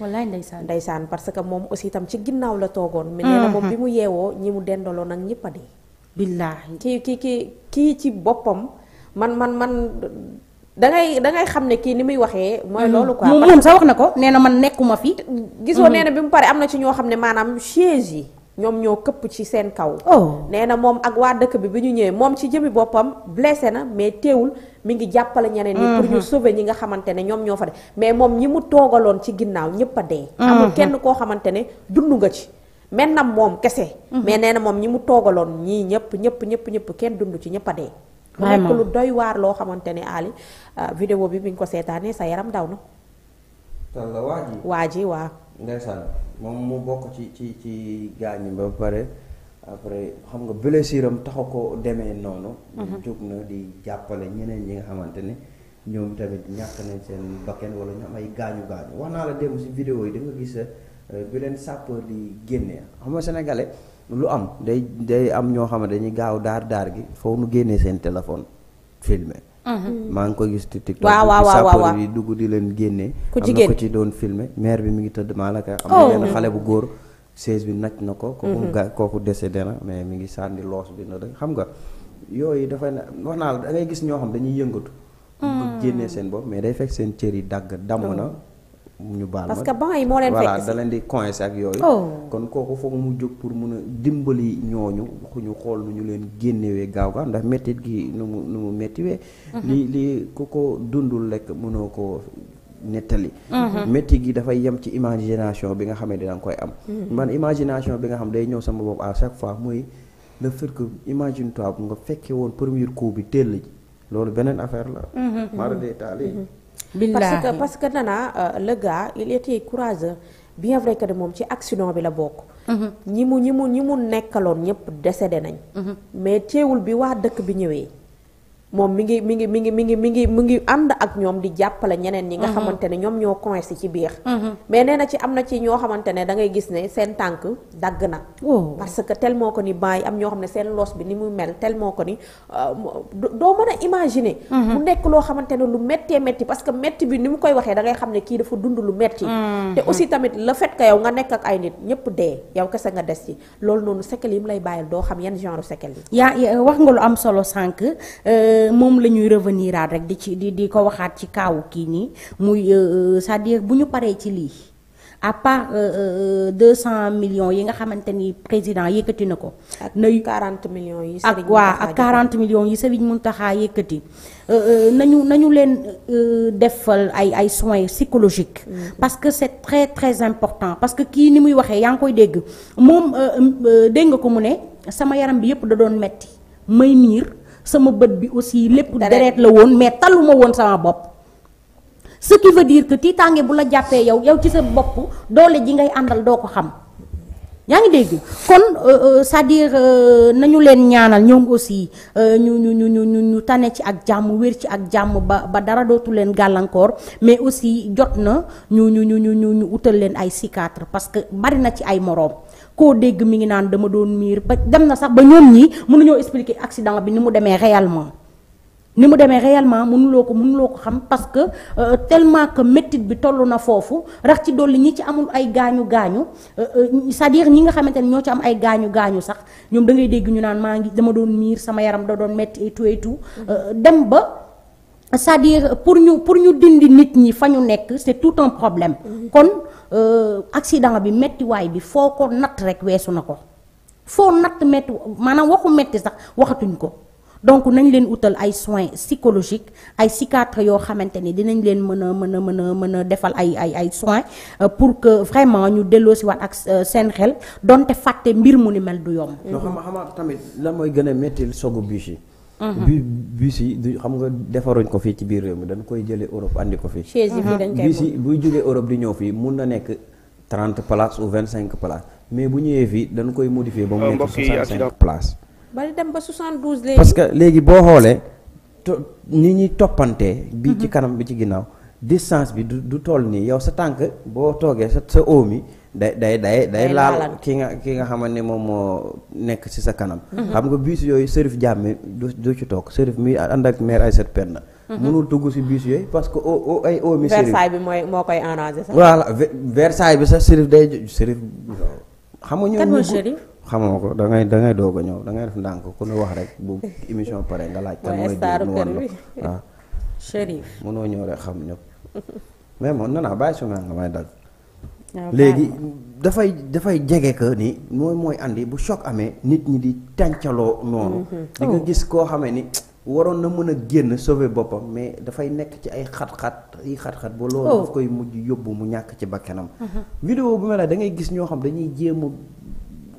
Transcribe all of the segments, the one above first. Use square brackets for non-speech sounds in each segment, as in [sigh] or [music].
wallaay ndeysaan ndeysaan parce que moom aussi itam ci ginnaaw la toogoon. mais nee na mm-hmm. moom bi mu yeewoo ñi mu dendaloon ak ñëpp a dee. billaahi kii kii kii kii ci boppam man man man. da ngay xam ne kii ni muy waxee. mooy mm-hmm. loolu ko moom sax wax na ko nee na man nekkuma fi. gisoo mm-hmm. nee na bi mu pare am na ci ñoo xam ne maanaam chaise yi. ñoom ñoo këpp ci seen kaw. Oh. nee na moom ak waa dëkk bi bi ñu ñëwee moom ci jëmi boppam blessé na mais teewul mi ngi jàppale ñeneen ñi pour ñu mm-hmm. sauver ñi nga xamante ne ñoom ñoo fa de mais moom ñi mu toogaloon ci ginnaaw ñëpp a dee amul mm-hmm. kenn koo xamante ne dund nga ci men na moom kese mm-hmm. mais nee na moom ñi mu toogaloon ñii ñëpp ñëpp ñëpp ñëpp kenn dund ci ñëpp a dee mu nekk lu doy waar loo xamante ne Ali ah, vidéo bi bi ñu ko seetaanee sa yaram daw na waa ji waa ji waa ndeysaan moom mu bokk ci ci ci gaañ ba pare après xam nga blessure am taxu ko demee noonu. Mhm. jóg na di jàppale ñeneen ñi nga xamante ne ñoom tamit ñàkk nañ seen bakken wala ñu am ay gaañu gaañu wax naa la dem si vidéo yi da gis gis euh, bi leen sapeur di génne xam nga sénégalais lu am day day am ñoo xam ne dañuy gaaw daar daar gi foo nu génnee seen téléphone filmé. Mhm. Mm. maa ngi ko gis ci TikTok. waaw waaw waaw yi dugg di leen génne. ku jigéen am na ci doon filmé maire bi mu ngi tëdd maa la koy. Oh. am na xale bu góor. chaise bi naj na ko. kooku mhm. ga kooku décédé na mais mi ngi sànni loos bi na rek xam nga yooyu dafay ne wax naa la da ngay gis ñoo xam dañuy yëngatu. mu mhm. génnee seen bopp mais day fekk seen cër yi dagg damm na. mu oh. ñu baal ma parce que ban yi moo leen fekk da leen di coincé ak yooyu. Oh. kon kooku foog mu jóg pour mun a dimbali ñooñu ñu xool nu ñu leen génnewee gaaw gaaw ndax mettit gi nu mu nu mu méttiwee. Mhm. li li ku ko dundul lekk mënoo ko nettali. métti mhm. gi dafay yem ci imagination bi nga xam ne dina koy am. Mhm. man imagination bi nga xam day ñëw sama bopp à chaque fois mooy le fait que imagine toi nga fekkee woon premier coup bi teel ji loolu beneen affaire la. Mhm. mara de parce que parce que Nana euh, le gars il était courageux bien vrai que de moom ci accident bi la bokk. ñi mu ñi mu ñi mu nekkaloon ñëpp décédé nañ. mais teewul bi waa dëkk bi ñëwee. moom mi ngi mi ngi mi ngi mi ngi mi ngi mi ngi ànd ak ñoom di jàppale ñeneen ñi nga mhm. xamante ne ñoom ñoo coincé ci biir mhm. mais nee na ci am na ci ñoo xamante ne da ngay gis ne seen tànk dagg na parce que tel moo ko ni bàyyi am ñoo xam ne seen loos bi ni muy mel tel moo ko ni euh, doo mën a imaginer mhm. mu nekk loo xamante ne lu méttee métti parce que métti bi ni mu koy waxee dangay xam ne kii dafa dund lu métti te aussi tamit le fait que yow nga nekk ak ay nit ñëpp dee yow kese nga des ci loolu noonu séquelles yi mu lay bàyyil doo xam yan genre séquelles yi yaa wax nga moom la ñuy revenir aat rek di ci di di ko waxaat ci kaawu kii nii muy euh, euh, cest à bu ñu paree ci lii à part euh, deux cent millions yi nga xamante ni président yëkkati na ko. na quarante millions yi. ak waa quarante millions yi Serigne Mountakha yëkkati. nañu nañu leen defal ay ay soins psychologiques. Mm. parce que c' est très très important parce que kii ni muy waxee yaa ngi koy dégg moom dégg nga ko mu ne sama yaram bi yëpp da doon metti may miir. sama bët bi aussi lépp deret la woon mais taluma woon sama bopp ce qui veut dire que tiitaange bu la jàppee yow yow ci sa bopp doole ji ngay àndal doo ko xam yaa ngi dégg kon euh, euh, c'est-à-dire euh, nañu leen ñaanal ñoom aussi ñu ñu ñu ñu ñu tane ci ak jàmm wér ci ak jàmm ba ba dara dootu leen gàllankoor mais aussi jot na ñu ñu ñu ñu ñu utal leen ay cicatrices parce que bari na ci ay moroom koo dégg mi ngi naan dama doon miir ba dem na sax ba ñoom ñii mënuñoo expliquer accident bi ni mu demee réellement. ni mu demee réellement mënuloo ko mënuloo ko xam parce que euh, tellement que métit bi toll na foofu rax ci dolli ñi ci amul ay gaañu gaañu euh, euh, cest à ñi nga xamante ne ñoo ci am ay gaañu gaañu sax ñoom da ngay dégg ñu naan maa ngi dama doon miir sama yaram da doon métti et tout et dem ba cest à pour ñu pour ñu dindi nit ñi fa ñu nekk c'est tout un problème mm-hmm. Euh, accident bi méttiwaay bi foo ko natt rek weesu na ko foo natt métti maanaam waxu métti sax waxatuñ ko donc nañ leen utal ay soins psychologiques ay psychiatre yoo xamante ni dinañ leen mën a mën a mën a mën a defal ay ay ay soins euh, pour que vraiment ñu delloo si waat ak euh, seen xel donte fàtte mbir mu ni mel du yomb. xam tamit lan mooy gën a métti sogu bi Mm-hmm. bu bus yi du xam nga defaruñ ko fii ci biir réew mi dañ koy jëlee Europe andi ko fii. chaise yi fii mm-hmm. dañ koy buy jógee Europe di ñëw fii mun na nekk trente places ou vingt cinq places mais bu ñëwee fii dañ koy modifier ba mu ah, nekk soixante cinq places. dem ba soixante douze léegi. parce que léegi boo xoolee ni ñuy toppantee. bi ci mm-hmm. kanam bi ci ginnaaw distance bi du du toll nii yow sa tànk boo toogee sa sa oom yi day day day day laal ki nga ki nga xamante ne moom moo nekk ci sa kanam mhm. xam nga biis yooyu Serif Diame du du ci toog Serif mi ànd ak maire Aïssatou Penda mënul mhm. dugg si biis yooyu parce que o o mi Serif Versailles bi mooy moo koy arrangé sax voilà Versailles bi sax Serif day Serif xam nga ñoom xamoo ko da ngay da ngay doog a ñëw da ngay def ndànk ku ñu wax rek bu émission pare nga laaj. kan mooy jiw mu wan la waaw. [laughs] Ah. Chérif ñëw rek xam ñëpp. mais moom nee naa bàyyi su ma nga may dagg. Ah, léegi dafay dafay jege que ni mooy mooy indi bu choc amee nit ñi di tàncaloo noonu. Mm-hmm. danga oh. gis koo xamee ni waroon na mën a génn sauver boppam mais dafay nekk ci ay xat-xat ay xat-xat ba loolu daf oh. koy mujj yóbbu mu ñàkk ci bakkanam. Mm-hmm. vidéo bu mel ne da ngay gis ñoo xam dañuy jéem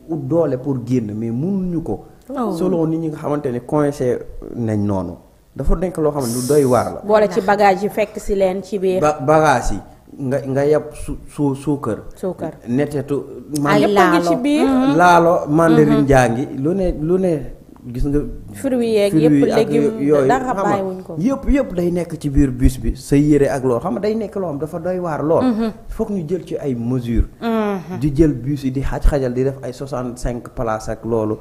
doole pour génn mais mënuñu ko. Oh. selon nit ñi nga xamante ne coincé nañ noonu. dafa nekk loo xam ne lu doy waar la. boole ci bagage yi fekk si leen ci biir. ba yi. nga nga yab su su suukar. suukar nettetu. ay laalo ci biir mm-hmm. laalo mm-hmm. mandarin jaangi lu ne lu ne gis nga. fruits yeeg yëpp légumes ko yëpp yëpp day nekk ci biir bus bi sa yére ak lool xam nga day nekk loo dafa doy waar lool. Mm-hmm. foog ñu jël ci ay mesures. di jël bus yi di xaj xajal di def ay cinq places ak loolu.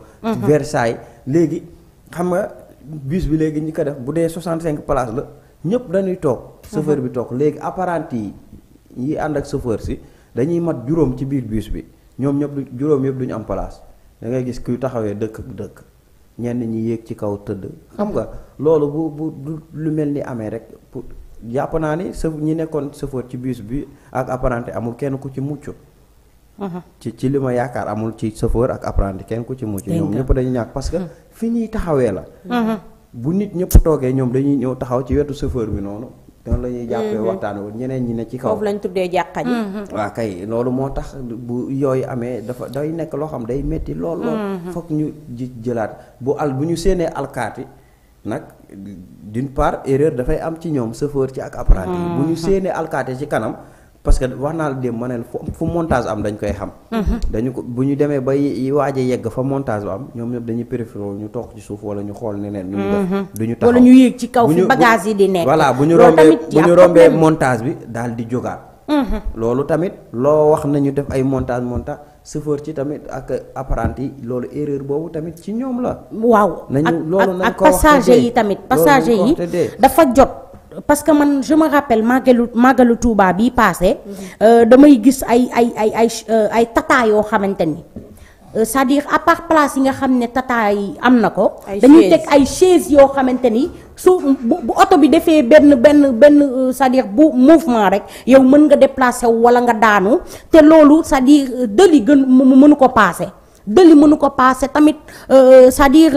Versailles léegi xam nga bus bi léegi ñi ko def bu dee cinq places la ñëpp dañuy toog. chauffeur bi toog léegi apprenti yi ànd ak chauffeur si dañuy mat juróom ci biir biis bi ñoom ñëpp du juróom yëpp duñu am place da ngay gis kuy taxawee dëkk dëkk ñenn ñi yéeg ci kaw tëdd xam nga loolu bu bu du lu mel ni amee rek pour jàpp naa ni sa ñi nekkoon sëfoor ci biis bi ak apprenti amul kenn ku ci mucc. Uh-huh. ci ci li ma yaakaar amul ci chauffeur ak apprenti ku ci mucc. ñoom ñëpp dañu ñàkk parce que uh-huh. fi ñuy taxawee la. Uh-huh. bu nit ñëpp toogee ñoom dañuy ñëw taxaw ci wetu chauffeur bi noonu loolu la ñuy jàppee mhm. waxtaan woon ñeneen ñi ne ci kaw. foofu lañ tuddee jàkka ji. Mhm. waaw kay loolu moo tax bu yooyu amee dafa day nekk loo xam day métti lool lool. Mhm. foog ñu ji jëlaat bu al bu ñu séenee alkaati nag d'une part erreur dafay am ci ñoom chauffeur ci ak apprenti. bu ñu séenee alkaati ci kanam. parce que wax naa la dem ma ne la fu montage am dañ koy xam. dañu ko bu ñu demee ba waaj a yegg fa montage ba am ñoom ñëpp dañuy préféré ñu toog ci suuf wala ñu xool neneen. ñu def mhm. du ñu taxaw ñu yéeg ci kaw fi bagage yi di nekk. voilà bu ñu rombee bu ñu rombee montage bi daal di jógaat. Mhm. loolu tamit loo wax nañu def ay montage montage chauffeur ci tamit ak apprenti yi loolu erreur boobu tamit ci ñoom la. waaw nañu loolu nañ ko wax passager yi tamit passager yi dafa jot. parce que man je me rappelle màggalu lu Touba bii passé euh, damay gis ay ay ay ay euh, ay tata yoo xamante ni euh, c'est-à-dire à part place yi nga xam ne tata yi am na ko. dañuy teg ay chaise yoo xamante ni su bu oto bi defee benn benn benn cest à bu mouvement rek yow mën nga déplacer wu wala nga daanu te loolu sa à dire dëli gën mënu ko paase dëli mënu ko paase tamit c'est-à-dire.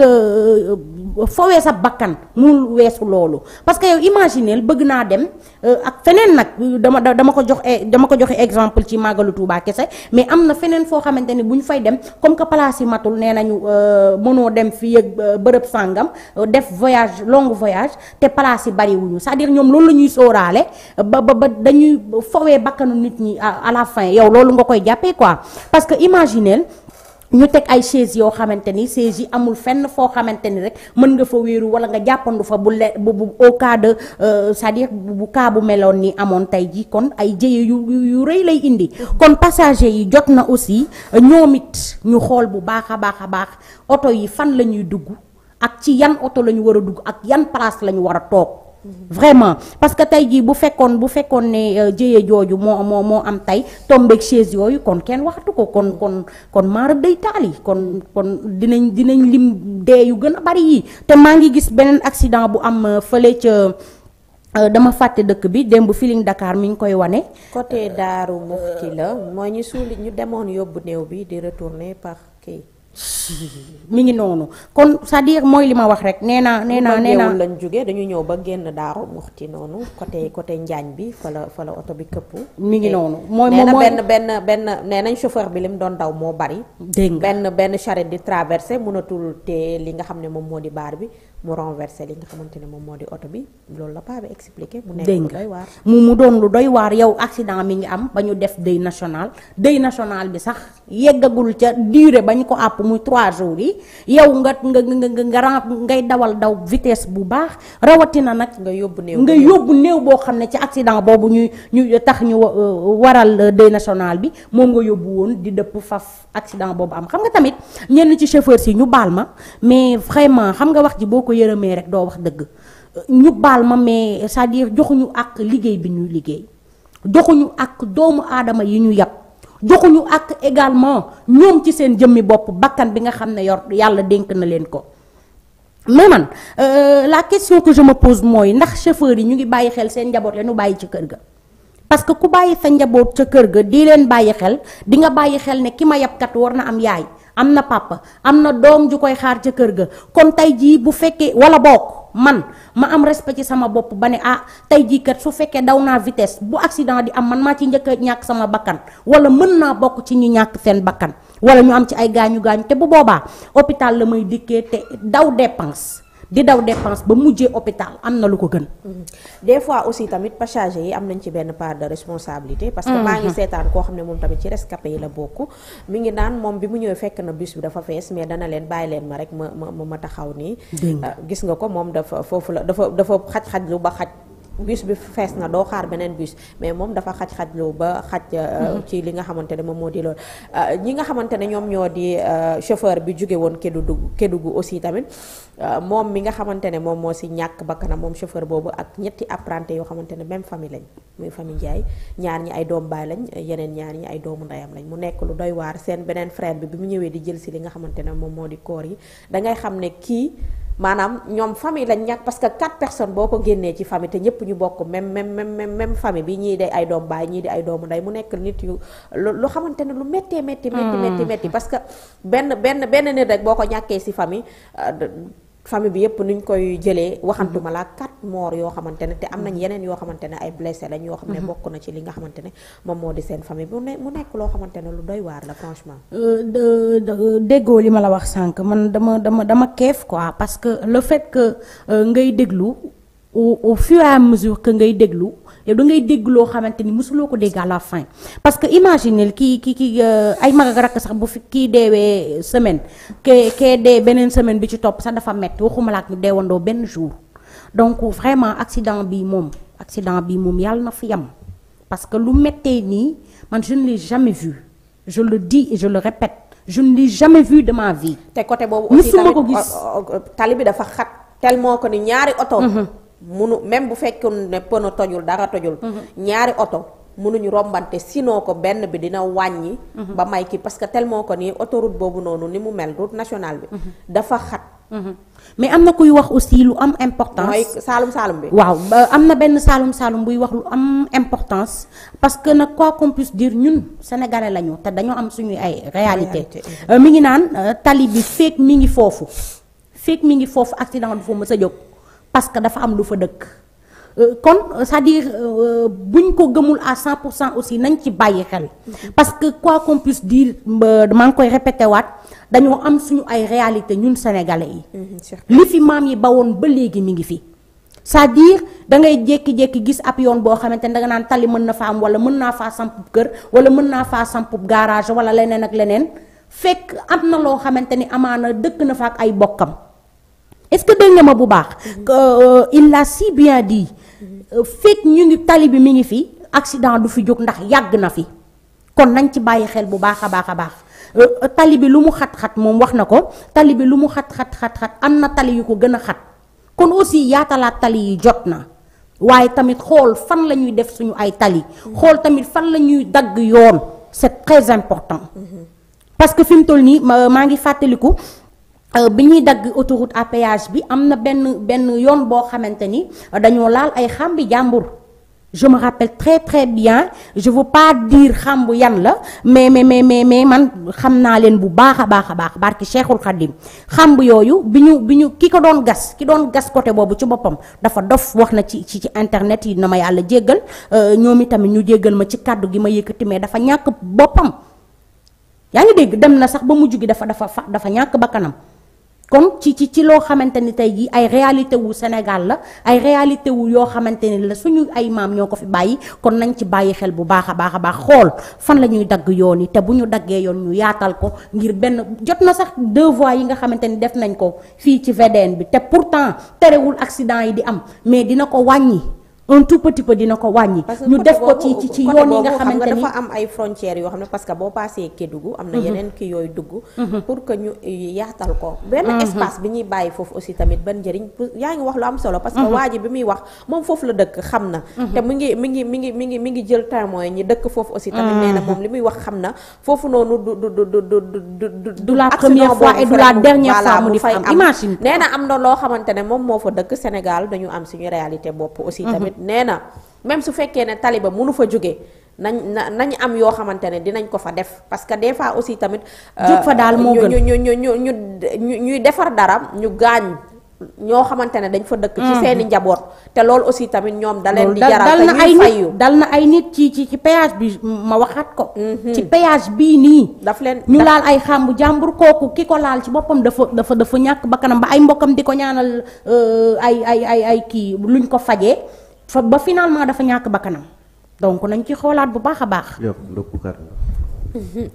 fowee sa bakkan mu weesu loolu parce que yow imagineel bëgg naa dem euh, ak feneen nag euh, dama dama ko jox eh, dama ko joxe exemple ci màggalu Tuubaa kese mais am na feneen foo xamante ni bu ñu fay dem comme que place yi matul nee nañu euh, mënoo dem fii ak bërëb sàngam def voyage long voyage te place yi bari wuñu cest dire ñoom loolu la ñuy sooraale ba ba ba dañuy fowee bakkanu nit ñi à la yow loolu nga koy jàppee quoi parce imagineel ñu teg ay chaise yoo xamante ni chaise yi amul fenn foo xamante ni rek mën nga fa wéeru wala nga jàppandu fa bu le bu bu au cas de euh, cest à bu cas meloon ni amoon tey ji kon ay jëye yu yu rëy lay indi kon passager yi jot na aussi euh, ñoom it ñu xool bu baax a baax a baax oto yi fan la ñuy dugg ak ci yan oto la ñu war a dugg ak yan place la ñu war a toog vraiment parce que tey jii bu fekkoon bu fekkoon ne euh, jëye jooju moo moo moo am tey tombeeg chaise yooyu kon kenn waxtu ko kon kon kon maara day taal kon kon dinañ dinañ lim dee yu gën a bari yi te maa ngi gis beneen accident bu am euh, fële euh, dama fàtte dëkk bi démb Feeling Dakar mi ngi koy wane. côté Daaru Muxti la mooy ñu suuli ñu demoon yóbbu néew bi di retourner par kii. mi ngi noonu kon sa diir mooy li ma wax rek nee naa nee naa nee naa lañ jóge dañu ñëw ba génn daaru muxti noonu côté côté Njaañ bi fa la fa la oto bi këpp mi ngi noonu mooy nee na benn benn benn nee nañ chauffeur bi lim doon daw moo bari dégg benn benn charrette di traversé mënatul te li nga xam ne moom moo di baar bi mu renversé li mu nekk lu doy waar mu mu doon lu doy waar yow accident mi ngi am ba ñu def day national day national bi sax yeggagul ca durée ba ñu ko àpp muy trois jours yi yow nga nga nga nga ngay dawal daw vitesse bu baax rawatina nag. nga yóbbu néew nga yóbbu néew boo xam ne ci accident boobu ñuy ñu tax ñu euh, waral euh, deuil national bi moom nga yóbbu woon di dëpp faf accident boobu am xam nga tamit ñenn ci chauffeur si ñu baal ma mais vraiment xam nga wax ji boo ko yërëmee rek doo wax dëgg ñu baal ma mais c'est-à-dire joxuñu ak liggéey bi ñuy liggéey joxuñu ak doomu aadama yi ñu yab joxuñu ak également ñoom ci seen jëmmi bopp bakkan bi nga xam ne yor yàlla dénk na leen ko mais man euh, la question que je me pose mooy ndax chauffeur yi ñu ngi bàyyi xel seen njaboot lañu bàyyi ci kër ga parce que ku bàyyi sa njaboot ca kër ga di leen bàyyi xel di nga bàyyi xel ne ki ma yabkat war na am yaay am na papa am na doom ju koy xaar ca kër ga kon tey jii bu fekkee wala bokk man ma am respect ci sama bopp ba ne ah tey jii kat su fekkee daw naa vitesse bu accident di am man maa ci njëkk ñàkk sama bakkan wala mën naa bokk ci ñu ñàkk seen bakkan wala ñu am ci ay gaañu gaañu te bu boobaa hôpital la may dikkee te daw dépense. di daw dépense ba mujjee hôpital am na lu ko gën. Mm-hmm. des fois aussi tamit passager yi am nañ ci benn part de responsabilité. parce que maa ngi mm-hmm. seetaan koo xam ne moom tamit ci rescapé yi la bokk. mi ngi naan moom bi mu ñëwee fekk na bus bi dafa fees mais dana leen bàyyi leen ma rek ma ma ma taxaw nii. Ah, gis nga ko moom dafa foofu la dafa dafa xaj-xaj lu ba xaj. bus bi fees na doo xaar beneen bus mais moom dafa xaj-xajlu xaj ba xaj euh, mm-hmm. ci li nga xamante ne moom moo di loolu euh, ñi nga xamante ne ñoom ñoo di euh, chauffeur bi jóge woon Kédougou Kédougou aussi tamit moom mi nga xamante ne moom moo si ñàkk bakkanam moom chauffeur boobu ak ñetti apprenti yoo xamante ne même famille lañ muy famille Ndiaye ñaar ñi ay doom baay lañ yeneen ñaar ñi ay doomu ndeyam lañ mu nekk lu doy waar seen beneen frère bi bi mu ñëwee di jël si li nga xamante ne moom moo di koor yi dangay xam ne kii maanaam ñoom famille lañ ñàkk parce que quatre personnes boo ko génnee ci famille te ñëpp ñu bokk même même même même famille bi ñii day ay doom baay ñii di ay doomu nday mu nekk nit yu lu xamante ne lu méttee métti métti hmm. métti métti parce que benn benn benn nit rek boo ko ñàkkee si famille euh, famille bi yëpp nuñ koy jëlee waxantuma mhm. laa quatre morts yoo xamante ne te am nañ mhm. yeneen yoo xamante ne ay blessé lañ yoo xam ne mhm. bokk na ci li nga xamante ne moom moo di seen famille bu ne mu nekk loo xamante ne lu doy waar la franchement euh, déggoo li ma la wax sànq man dama dama dama keef quoi parce que le fekk euh, ngay déglu au fur et à mesure ngay déglu yow da ngay dégg loo xamante ni mosuloo ko dégg à la fin parce que imagine kii ki ki euh, ay mag rakk sax bu fi kii deewee semaine ke kee dee beneen semaine bi ci topp sax dafa metti waxuma mu ak deewandoo benn jour donc vraiment accident bi moom accident bi moom yàlla na fi yam parce que lu mettee nii man je ne l'ai jamais vu je le dis et je le répète je ne l'ai jamais vu de ma vie. te côté boobu aussi tamit musuma ko tali bi dafa xat tellement que ni ñaari oto. Mhm. munu même bu fekkoon ne pëno tojul dara tojul mhm. ñaari oto munuñu rombante si sinon ko benn bi dina wàññi mhm. ba may kii parce que tellement ko nii autoroute boobu noonu ni mu mel route nationale bi mhm. dafa xat mais am na kuy wax aussi lu am importance mooy saalum saalum bi waaw am na benn saalum saalum buy wax lu am importance parce que nag quoi qu'on puisse dire ñun sénégalais lañu te dañoo am suñu ay réalité euh, mi ngi naan euh, tali bi feek mi ngi foofu feek mi ngi foofu accident du fa mës a jóg parce que dafa am lu fa dëkk euh, kon c'est-à-dire euh, buñ ko gëmul à 100 pour cent aussi nañ ci bàyyi xel parce que quoi qu'on puisse dire maa ngi koy répété waat dañoo am suñu ay réalité ñun sénégalais yi mm-hmm, li fi maam yi bawoon ba léegi mi ngi fi saa à dire da ngay jékki-jékki gis ab yoon boo xamante ne danga naan tali mën na fa am wala mën naa faa sampub kër wala mën naa faa sampub garage wala leneen ak leneen fekk am na loo xamante ni amaana dëkk na fa ak ay bokkam est-ce que dégg nga ma bu baax. Mm-hmm. Euh, il l'a bien dit. Mm-hmm. Euh, fekk ñu ngi tali bi mu ngi fi accident du fi jóg ndax yàgg na fi kon nañ ci bàyyi xel bu baax a baax a baax. Euh, tali bi lu mu xat-xat moom wax na ko tali bi lu mu xat-xat-xat-xat am na tali yu ko gën a xat kon aussi yaatalaat tali yi jot na waaye tamit xool fan la ñuy def suñu ay tali mm-hmm. xool tamit fan la ñuy dagg yoon c'est très important parce que fi nii maa ngi fàttaliku Euh, bi ñuy dagg autoroute à bi am na benn benn yoon boo xamante ni euh, dañoo laal ay xàmbi jàmbur je me rappelle très très bien je veux pas dire xàmb yan la mais mais mais mais mais man xam naa leen bu baax a baax a baax barki Cheikhul Khadim xàmb yooyu bi ñu bi ñu ki ko doon gas ki doon gas côté boobu ci boppam dafa dof wax na ci ci ci internet yi na ma yàlla jéggal euh, ñoom itamit ñu jéggal ma ci kàddu gi ma yëkkati mais dafa ñàkk boppam yaa ngi dégg dem na sax ba mujj gi dafa dafa dafa ñàkk bakkanam comme ci ci loo xamante ni tey jii ay réalité wu Sénégal la ay réalité wu yoo xamante ni la suñu ay maam ñoo ko fi bàyyi kon nañ ci bàyyi xel bu baax a baax a baax xool fan la ñuy dagg yoon yi te bu ñu daggee yoon ñu yaatal ko ngir benn jot na sax deux voies yi nga xamante ni def nañ ko fii ci VDN bi te pourtant terewul accident yi di am mais dina ko wàññi un tout petit peu dina ko wàññi. ñu def ko ci ci ci yoon yi nga xamante ni am ay frontières yoo xam ne parce que boo paasee Kédougou am na mhm. yeneen ki yooy dugg. Mhm. pour que ñu yaatal ko. benn mhm. espace bi ñuy bàyyi foofu aussi tamit ban njëriñ yaa ngi wax lu am solo. parce que waa ji bi muy wax moom foofu la dëkk xam na. te mi ngi mi ngi mi ngi mi ngi mi ngi jël témoin ñi dëkk foofu aussi tamit. nee na moom li muy wax xam na foofu noonu du du du du du du. du la première fois du la dernière fois mu di fay am imagine nee na am na loo xamante ne moom moo fa dëkk Sénégal dañu am suñu réalité bopp aussi tamit nee na même su fekkee ne taliba mënu fa jóge nañ na nañ am yoo xamante ne dinañ ko fa def parce que des fois aussi tamit. Euh, jóg fa daal moo gën ñu ñu ñu ñu ñuy defar dara ñu gaañ. ñoo xamante ne dañ fa dëkk. ci mm-hmm. seeni njaboot. te loolu aussi tamit ñoom da leen di. jaral dal na ay nit ci ci ci péage bi ma waxaat ko. Mm-hmm. ci bii nii. daf leen ñu laal ay xàmbu jàmbur kooku ki ko laal ci boppam dafa dafa dafa ñàkk bakkanam ba ay mbokkam di ko ñaanal euh, ay ay ay ay kii luñ ko fajee. fa ba finalement dafa ñàkk bakkanam donc nañ ci xoolaat bu baax a baax. Mhm.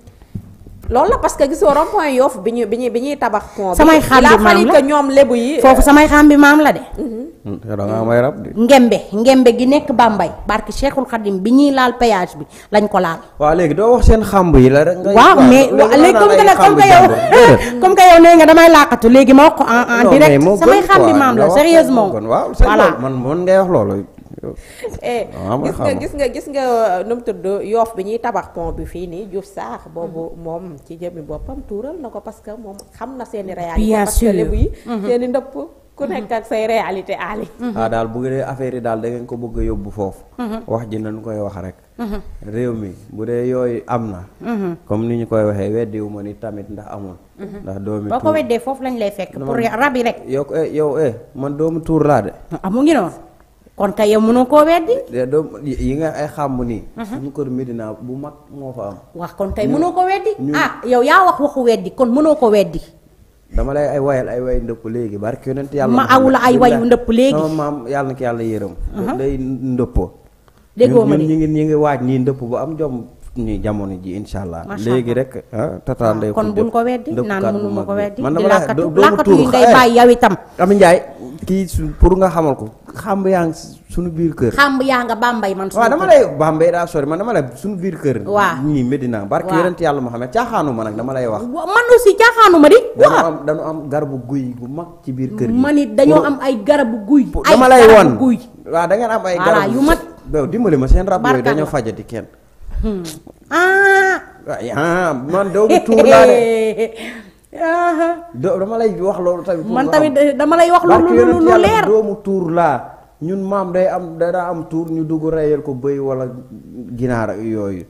loolu la parce que gisoo rond point bi ñu bi ñuy bi ñuy tabax. pont bi samay xam bi maam la ñoom lebu yi. Euh, foofu samay la de. Mhm. Mm, da nga ngembe ngembe gi nekk Bambey. barke Cheikhul Khadim bi ñuy laal péyage bi lañ ko laal. waaw léegi doo wax seen xamb yi la rek. waaw mais léegi comme que nag [laughs] comme que yow. comme nga damay laqatu léegi ma wax ko en en direct. samay xam bi maam la sérieusement. voilà man man ngay wax loolu. Eh, ah, gis nga gis nga gis nga nu mu tudd yoof bi ñuy tabax pont bi fii nii Diouf Sarr boobu mm-hmm. moom ci jëmmi boppam tuural na ko parce que moom xam na seeni réalité parce que lébu yi mm-hmm. seeni ndëpp ku nekk mm-hmm. ak ah, bu affaire yi daal da ngeen ko bëgg a yóbbu foofu wax ji koy wax rek réew mi bu dee yooyu am na comme ni ñu koy waxee weddiwu ma ni tamit ndax amul ndax doomi tuur boo ko weddee foofu lañ lay fekk pour rab yi rek yow eh yow eh man doomu tuur laa de amu ah, ngi noonu kon tey yow mënoo koo weddi. yi nga ay xàmb nii. Mhm. suñu kër Medina bu mag moo fa am. wax kon tey mënoo ko weddi. ah yow yaa wax waxu weddi kon mënoo ko weddi. dama lay ay wayal ay wayu ndëpp léegi barke yonent yàlla. ma la ay wayu ndëpp maam yàlla na ko yàlla yërëm. lay mhm. ndëpp. déggoo ma de ñu ngi ñu ngi waaj nii ndëpp bu am jom. ñuy jamono ji insha allah léegi rek ah, tata ah, ndey kon buñ ko weddi naan mënu ma ko weddi man dama làkkatu làkkatu yi ngay eh. bàyyi yow itam Ami kii pour nga xamal ko xàmb yaa ngi suñu biir kër. xàmb yaa nga bàmbay man. suñu kër waaw dama lay bàmbay daa sori man dama lay suñu biir kër. waaw ñii Medina. waaw barke yonent yàlla Muhammad caaxaanu ma nag dama lay wax. man aussi caaxaanu ma di. waaw dañu am dañu am garabu guy bu mag ci biir kër gi. man it dañoo am ay garabu guy. ay garabu guy waaw da am ay. garabu yu mat waaw dimbali ma seen rab yooyu dañoo fajati kenn. Hmm. ah. man doogu tuur laa de. [laughs] dama lay wax loolu tamit. dama lay wax lu lu lu leer doomu tuur laa ñun maam day am dana am tuur ñu dugg reyal ko bëy wala ginaar yooyu.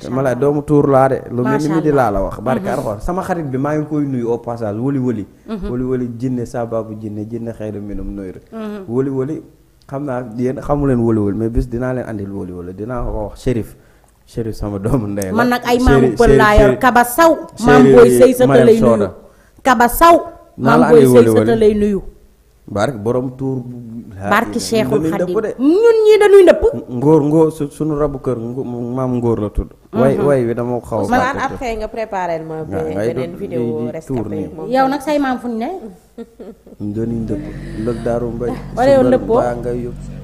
dama lay doomu tuur laa de. lu mel ni mi di laa la wax. barke mhm. Alxuraan sama xarit bi maa ngi koy nuyu au passage wëli wëli. wëli wëli jinne sababu jinne jinne xëy na minum nuyu rek. wëli wëli xam naa yéen xamu leen wëli wëli mais bis dinaa leen andil wëli wëli dinaa ko wax shérif. chéri sama doomu ndey la man nag ay maamu pël laa yor kaba saw maam booy sëy sa lay nuyu kaba saw tuur barke Cheikhul Khadim ñun ñii dañuy ndëpp ngóor ngóor su suñu rabu kër maam ngóor la tudd mhm. way way wi dama ko xaw malaan ab xëy nga préparé ma beneen vidéo rescapé yow nag say maam fu ñu ne dañuy ndëpp lëg daaru mbay wala yow